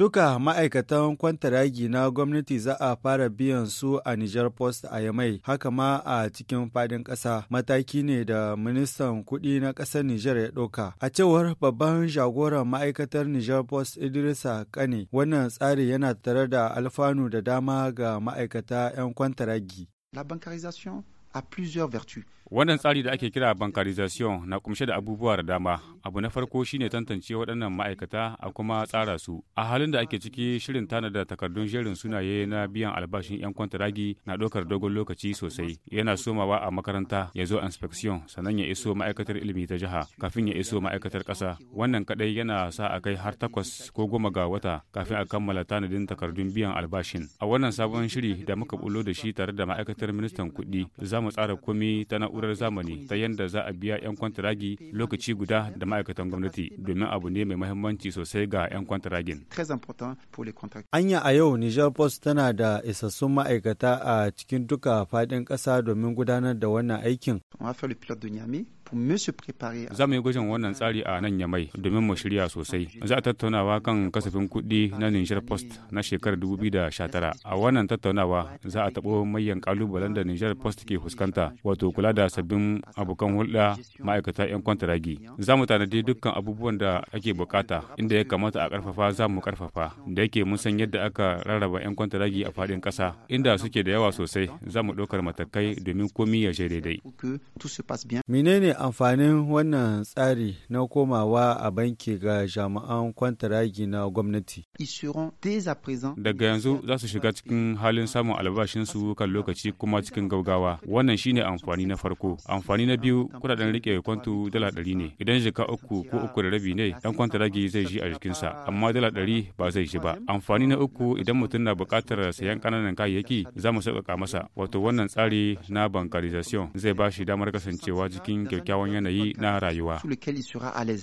Duka ma'aikatan kwantaragi na gwamnati za a fara biyan su a Niger Post a Yamai, haka ma a cikin fadin ƙasa mataki ne da ministan kuɗi na ƙasar Niger ya ɗauka. A cewar babban jagoran ma'aikatar Niger Post Idrisa Kane, wannan tsari yana tare da alfanu da dama ga ma'aikata 'yan kwantaragi. a plusieurs vertus. Wannan tsari da ake kira bankarization na kumshe da abubuwa da dama. Abu na farko shine tantance waɗannan ma'aikata a kuma tsara su. A halin da ake ciki shirin tanada takardun jerin sunaye na biyan albashin 'yan kwantaragi na ɗaukar dogon lokaci sosai. Yana somawa a makaranta ya zo inspection sannan ya iso ma'aikatar ilimi ta jiha kafin ya iso ma'aikatar ƙasa. Wannan kaɗai yana sa a kai har takwas ko goma ga wata kafin a kammala tanadin takardun biyan albashin. A wannan sabon shiri da muka bullo da shi tare da ma'aikatar ministan kuɗi za mu tsara komi ta na'urar zamani ta yadda za a biya 'yan kwantaragi lokaci guda da ma'aikatan gwamnati domin abu ne mai mahimmanci sosai ga 'yan kwantaragin. Anya a yau Niger Post tana da isassun ma'aikata a cikin duka fadin kasa domin gudanar da wannan aikin. Za mu yi gwajin wannan tsari a nan Yamai domin mu shirya sosai. Za a tattaunawa kan kasafin kuɗi na Niger Post na shekarar 2019. A wannan tattaunawa za a taɓo mayan ƙalubalen da Niger Post ke fuskanta, wato kula da sabbin abokan hulɗa ma'aikata 'yan kwantaragi. Za mu tanadi dukkan abubuwan da ake bukata, inda ya kamata a ƙarfafa za mu ƙarfafa, da yake mun san yadda aka rarraba 'yan kwantaragi a faɗin ƙasa, inda suke da yawa sosai, za mu ɗaukar matakai domin komi ya daidai. Menene amfanin wannan tsari na komawa a banki ga jami'an kwantaragi na gwamnati? Daga yanzu za su shiga cikin halin samun albashinsu kan lokaci kuma cikin gaugawa. Wannan shi ne amfani na farko. Amfani na biyu kudaden rike kwantu dala ɗari ne. Idan shiga uku ko uku da rabi ne, dan kwantaragi zai ji a jikinsa, amma dala ɗari ba zai ji ba. Amfani na uku idan mutum na buƙatar sayan ƙananan kayayyaki za mu sauƙaƙa masa. Wato wannan tsari na bankarization zai ba shi damar kasancewa cikin kyau Sous lequel il sera à l'aise.